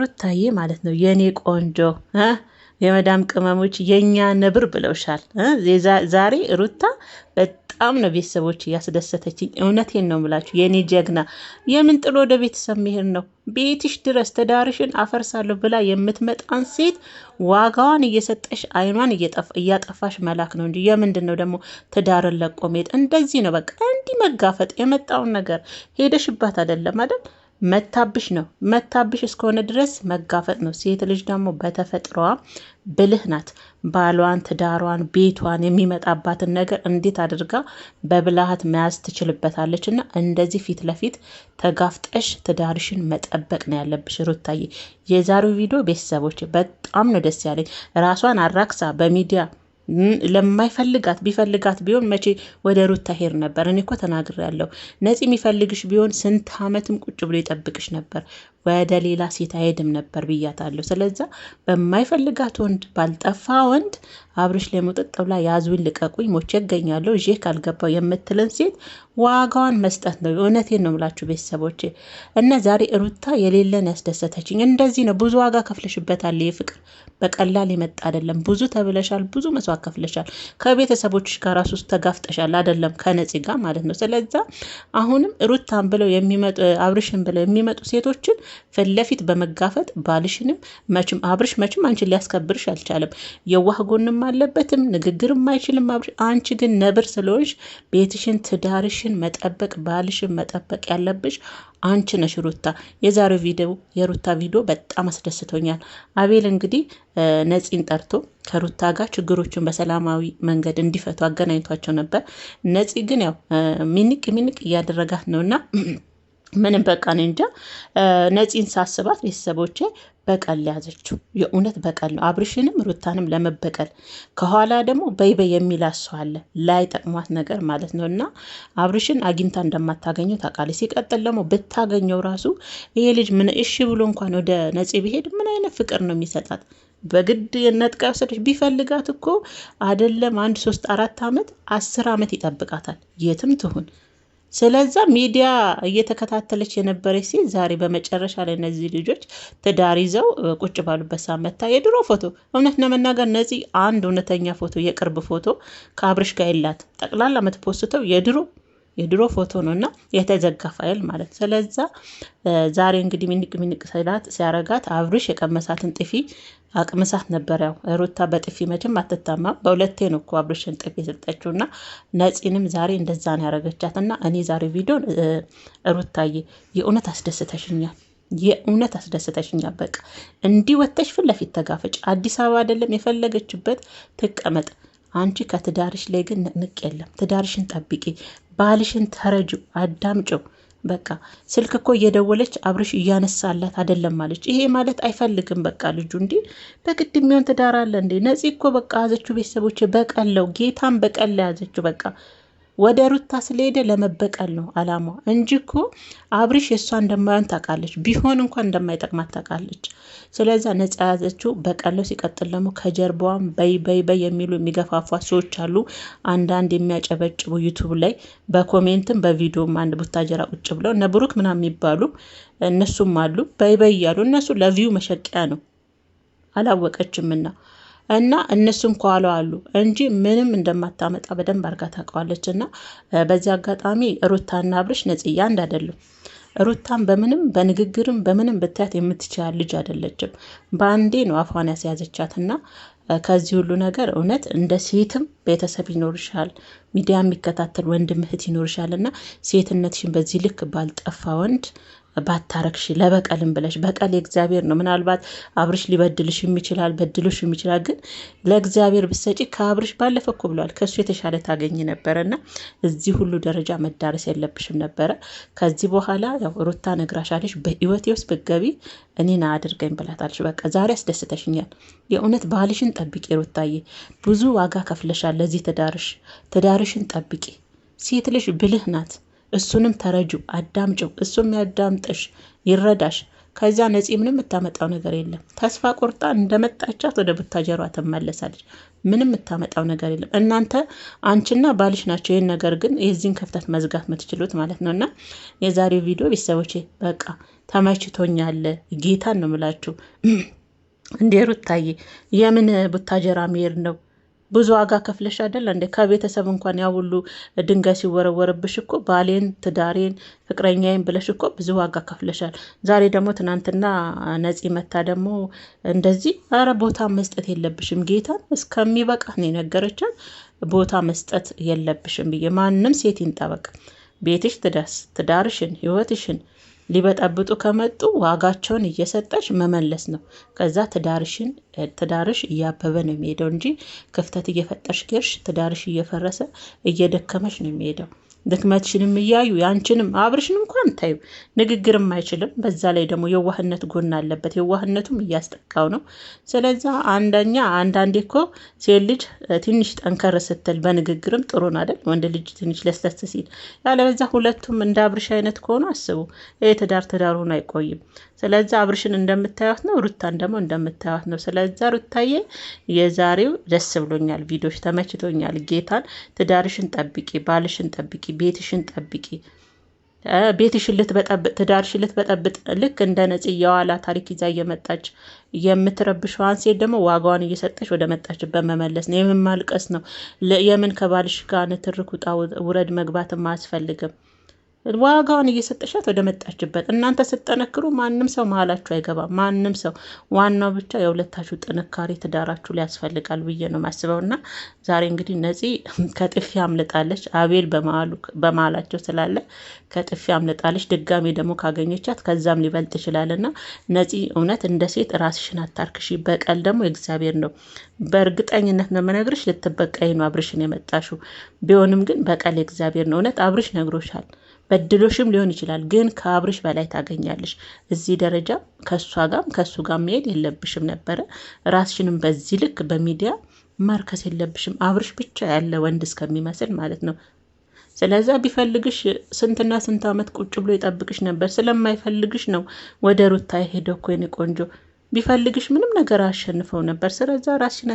ሩታዬ ማለት ነው የኔ ቆንጆ የመዳም ቅመሞች የእኛ ነብር ብለውሻል። ዛሬ ሩታ በጣም ነው ቤተሰቦች እያስደሰተችኝ። እውነቴን ነው ምላችሁ የእኔ ጀግና። የምን ጥሎ ወደ ቤተሰብ መሄድ ነው? ቤትሽ ድረስ ትዳርሽን አፈርሳለሁ ብላ የምትመጣን ሴት ዋጋዋን እየሰጠሽ አይኗን እያጠፋሽ መላክ ነው እንጂ የምንድን ነው ደግሞ ትዳርን ለቆ መሄድ? እንደዚህ ነው በቃ እንዲህ መጋፈጥ የመጣውን ነገር ሄደሽባት አይደለም አይደል? መታብሽ ነው። መታብሽ እስከሆነ ድረስ መጋፈጥ ነው። ሴት ልጅ ደግሞ በተፈጥሯ ብልህ ናት። ባሏን፣ ትዳሯን፣ ቤቷን የሚመጣባትን ነገር እንዴት አድርጋ በብልሃት መያዝ ትችልበታለች። እና እንደዚህ ፊት ለፊት ተጋፍጠሽ ትዳርሽን መጠበቅ ነው ያለብሽ ሩታዬ። የዛሬው ቪዲዮ ቤተሰቦች በጣም ነው ደስ ያለኝ። ራሷን አራክሳ በሚዲያ ለማይፈልጋት ቢፈልጋት ቢሆን መቼ ወደ ሩታ ሄድ ነበር? እኔ እኮ ተናግሬያለሁ። ነፂ የሚፈልግሽ ቢሆን ስንት ዓመትም ቁጭ ብሎ ይጠብቅሽ ነበር። ወደ ሌላ ሴት አይሄድም ነበር ብያታለሁ። ስለዛ በማይፈልጋት ወንድ ባልጠፋ ወንድ አብርሽ ላይ ሙጥጥ ብላ ያዙኝ ልቀቁኝ፣ ሞቼ እገኛለሁ ይዤ ካልገባው የምትለን ሴት ዋጋዋን መስጠት ነው። እውነቴን ነው የምላችሁ ቤተሰቦቼ። እና ዛሬ ሩታ የሌለን ያስደሰተችኝ እንደዚህ ነው። ብዙ ዋጋ ከፍለሽበታል። ፍቅር በቀላል የመጣ አይደለም። ብዙ ተብለሻል፣ ብዙ መስዋዕት ከፍለሻል። ከቤተሰቦች ጋር ራሱ ውስጥ ተጋፍጠሻል አይደለም ከነጽ ጋር ማለት ነው። ስለዛ አሁንም ሩታን ብለው የሚመጡ አብርሽን ብለው የሚመጡ ሴቶችን ፊት ለፊት በመጋፈጥ ባልሽንም መችም አብርሽ መችም አንቺን ሊያስከብርሽ አልቻለም። የዋህ ጎንም አለበትም፣ ንግግርም አይችልም አብርሽ። አንቺ ግን ነብር ስለሆንሽ ቤትሽን፣ ትዳርሽን መጠበቅ ባልሽን መጠበቅ ያለብሽ አንቺ ነሽ ሩታ። የዛሬው ቪዲዮ የሩታ ቪዲዮ በጣም አስደስቶኛል። አቤል እንግዲህ ነፂን ጠርቶ ከሩታ ጋር ችግሮቹን በሰላማዊ መንገድ እንዲፈቱ አገናኝቷቸው ነበር። ነፂ ግን ያው ሚኒቅ ሚኒቅ እያደረጋት ነውና ምንም በቃ እኔ እንጃ ነፂን ሳስባት ቤተሰቦቼ በቀል ያዘችው የእውነት በቀል ነው። አብርሽንም ሩታንም ለመበቀል ከኋላ ደግሞ በይበይ የሚል ሰው አለ ላይ ጠቅሟት ነገር ማለት ነው። እና አብርሽን አግኝታ እንደማታገኘው ታውቃለች። ሲቀጥል ደግሞ ብታገኘው ራሱ ይሄ ልጅ ምን እሺ ብሎ እንኳን ወደ ነፂ ቢሄድ ምን አይነት ፍቅር ነው የሚሰጣት? በግድ ነጥቃ ወሰደች። ቢፈልጋት እኮ አይደለም አንድ ሶስት አራት አመት አስር አመት ይጠብቃታል የትም ትሁን ስለዛ ሚዲያ እየተከታተለች የነበረች ሴት ዛሬ በመጨረሻ ላይ እነዚህ ልጆች ትዳር ይዘው ቁጭ ባሉበት ሳመታ የድሮ ፎቶ እውነት ለመናገር ነፂ አንድ እውነተኛ ፎቶ የቅርብ ፎቶ ከአብርሽ ጋር የላት ጠቅላላ መት የምትፖስተው የድሮ የድሮ ፎቶ ነው እና የተዘጋ ፋይል ማለት ስለዛ ዛሬ እንግዲህ ሚንቅ ሚንቅ ስላት ሲያረጋት አብርሽ የቀመሳትን ጥፊ አቅምሳት ነበር። ያው ሩታ በጥፊ መቼም አትታማም። በሁለቴ ነው እኮ አብርሽን ጥፊ የሰጠችው እና ነፂንም ዛሬ እንደዛ ነው ያረገቻት እና እኔ ዛሬ ቪዲዮን ሩታዬ የእውነት አስደስተሽኛል። የእውነት አስደስተሽኛል። በቃ እንዲህ ወጥተሽ ፊት ለፊት ተጋፈጭ። አዲስ አበባ አይደለም የፈለገችበት ትቀመጥ አንቺ ከትዳርሽ ላይ ግን ንቅ የለም። ትዳርሽን ጠብቂ። ባልሽን ተረጁ አዳምጪው። በቃ ስልክ እኮ እየደወለች አብርሽ እያነሳላት አይደለም አለች። ይሄ ማለት አይፈልግም። በቃ ልጁ እንዲ በግድ የሚሆን ትዳር አለ እንዴ? ነፂ እኮ በቃ ያዘችው ቤተሰቦች በቀለው ጌታን በቀለ ያዘችው በቃ ወደ ሩታ ስለሄደ ለመበቀል ነው አላማ እንጂ እኮ አብርሽ የእሷ እንደማይሆን ታውቃለች። ቢሆን እንኳን እንደማይጠቅማት ታውቃለች። ስለዛ ነጻ ያዘችው በቀለ ሲቀጥል ደግሞ ከጀርባዋም በይ በይ በይ የሚሉ የሚገፋፏ ሰዎች አሉ። አንዳንድ የሚያጨበጭቡ ዩቱብ ላይ በኮሜንትም በቪዲዮም አንድ ቡታጀራ ቁጭ ብለው ነብሩክ ብሩክ ምናምን የሚባሉ እነሱም አሉ። በይ በይ እያሉ እነሱ ለቪው መሸቂያ ነው። አላወቀችምና እና እነሱም ከኋላዋ አሉ እንጂ ምንም እንደማታመጣ በደንብ አርጋ ታውቀዋለች። እና በዚህ አጋጣሚ ሩታና አብርሽ ነጽያ አንድ አይደሉም። በምንም በንግግርም በምንም ብታያት የምትችል ልጅ አይደለችም። በአንዴ ነው አፏን ያስያዘቻትና ከዚህ ሁሉ ነገር እውነት እንደ ሴትም ቤተሰብ ይኖርሻል፣ ሚዲያ የሚከታተል ወንድም እህት ይኖርሻል እና ሴትነትሽን በዚህ ልክ ባልጠፋ ወንድ ባታረክሽ ለበቀልም ብለሽ በቀል የእግዚአብሔር ነው። ምናልባት አብርሽ ሊበድልሽም ይችላል፣ በድልሽም ይችላል። ግን ለእግዚአብሔር ብሰጪ ከአብርሽ ባለፈ እኮ ብለዋል ከእሱ የተሻለ ታገኝ ነበረ እና እዚህ ሁሉ ደረጃ መዳረስ የለብሽም ነበረ። ከዚህ በኋላ ያው ሩታ ነግራሻለሽ፣ በህይወቴ ውስጥ ብትገቢ እኔን አድርገኝ ብላታለሽ። በቃ ዛሬ አስደስተሽኛል። የእውነት ባህልሽን ጠብቂ ሩታዬ። ብዙ ዋጋ ከፍለሻል ለዚህ ትዳርሽ። ትዳርሽን ጠብቂ። ሴት ልጅ ብልህ ናት። እሱንም ተረጁ፣ አዳምጭው፣ እሱም ያዳምጥሽ፣ ይረዳሽ። ከዚያ ነፂ ምንም የምታመጣው ነገር የለም። ተስፋ ቆርጣ እንደመጣቻት ወደ ቡታጀሯ ትመለሳለች። ምንም የምታመጣው ነገር የለም። እናንተ አንቺና ባልሽ ናቸው ይህን ነገር ግን የዚህን ክፍተት መዝጋት የምትችሉት ማለት ነው። እና የዛሬው ቪዲዮ ቤተሰቦቼ በቃ ተመችቶኛል። ጌታን ነው የምላችሁ። እንዴ ሩታዬ የምን ቡታጀራ መሄድ ነው? ብዙ ዋጋ ከፍለሽ አይደል እንዴ? ከቤተሰብ እንኳን ያ ሁሉ ድንጋይ ሲወረወርብሽ እኮ ባሌን፣ ትዳሬን፣ ፍቅረኛዬን ብለሽ እኮ ብዙ ዋጋ ከፍለሻል። ዛሬ ደግሞ ትናንትና ነፂ መታ ደግሞ እንደዚህ። ኧረ ቦታ መስጠት የለብሽም ጌታን እስከሚበቃ ነው የነገረቻት። ቦታ መስጠት የለብሽም ብዬ ማንም ሴት ይንጠበቅ ቤትሽ፣ ትዳስ ትዳርሽን፣ ህይወትሽን ሊበጠብጡ ከመጡ ዋጋቸውን እየሰጠች መመለስ ነው። ከዛ ትዳርሽን ትዳርሽ እያበበ ነው የሚሄደው እንጂ ክፍተት እየፈጠርሽ ጌርሽ ትዳርሽ እየፈረሰ እየደከመች ነው የሚሄደው። ድክመትሽንም እያዩ ያንቺንም አብርሽን እንኳን ታዩ ንግግርም አይችልም። በዛ ላይ ደግሞ የዋህነት ጎን አለበት። የዋህነቱም እያስጠቃው ነው። ስለዛ አንደኛ አንዳንዴ እኮ ሴት ልጅ ትንሽ ጠንከር ስትል በንግግርም ጥሩ ነው አይደል? ወንድ ልጅ ትንሽ ለስለስ ሲል ያለበዛ ሁለቱም እንደ አብርሽ አይነት ከሆኑ አስቡ። ይህ ትዳር ትዳር ሆኖ አይቆይም። ስለዛ አብርሽን እንደምታዩት ነው፣ ሩታን ደግሞ እንደምታዩት ነው። ስለዛ ሩታዬ የዛሬው ደስ ብሎኛል፣ ቪዲዮች ተመችቶኛል። ጌታን ትዳርሽን ጠብቂ፣ ባልሽን ጠብቂ ቤትሽን ጠብቂ። ቤትሽን ልትበጠብጥ ትዳርሽን ልትበጠብጥ ልክ እንደ ነፂ የኋላ ታሪክ ይዛ እየመጣች የምትረብሸዋን ሴት ደግሞ ዋጋዋን እየሰጠች ወደ መጣችበት መመለስ ነው። የምን ማልቀስ ነው? የምን ከባልሽ ጋር ንትርክ ውጣ ውረድ መግባትም አያስፈልግም። ዋጋውን እየሰጠሻት ወደ መጣችበት። እናንተ ስትጠነክሩ ማንም ሰው መሀላችሁ አይገባም። ማንም ሰው ዋናው ብቻ የሁለታችሁ ጥንካሬ ትዳራችሁ ላይ ያስፈልጋል ብዬ ነው ማስበው። እና ዛሬ እንግዲህ ነፂ ከጥፊ አምልጣለች። አቤል በመሀላቸው ስላለ ከጥፊ አምልጣለች። ድጋሜ ደግሞ ካገኘቻት ከዛም ሊበልጥ ይችላል። እና ነፂ እውነት እንደ ሴት ራስሽን አታርክሺ። በቀል ደግሞ የእግዚአብሔር ነው። በእርግጠኝነት ነው መነግርሽ። ልትበቀይ ነው አብርሽን የመጣሹ ቢሆንም ግን በቀል የእግዚአብሔር ነው። እውነት አብርሽ ነግሮሻል። በድሎሽም ሊሆን ይችላል፣ ግን ከአብርሽ በላይ ታገኛለሽ። እዚህ ደረጃ ከእሷ ጋም ከእሱ ጋር መሄድ የለብሽም ነበረ። ራስሽንም በዚህ ልክ በሚዲያ ማርከስ የለብሽም። አብርሽ ብቻ ያለ ወንድ እስከሚመስል ማለት ነው። ስለዛ ቢፈልግሽ ስንትና ስንት ዓመት ቁጭ ብሎ ይጠብቅሽ ነበር። ስለማይፈልግሽ ነው ወደ ሩታ የሄደው እኮ የኔ ቆንጆ። ቢፈልግሽ ምንም ነገር አሸንፈው ነበር። ስለዛ ራስሽን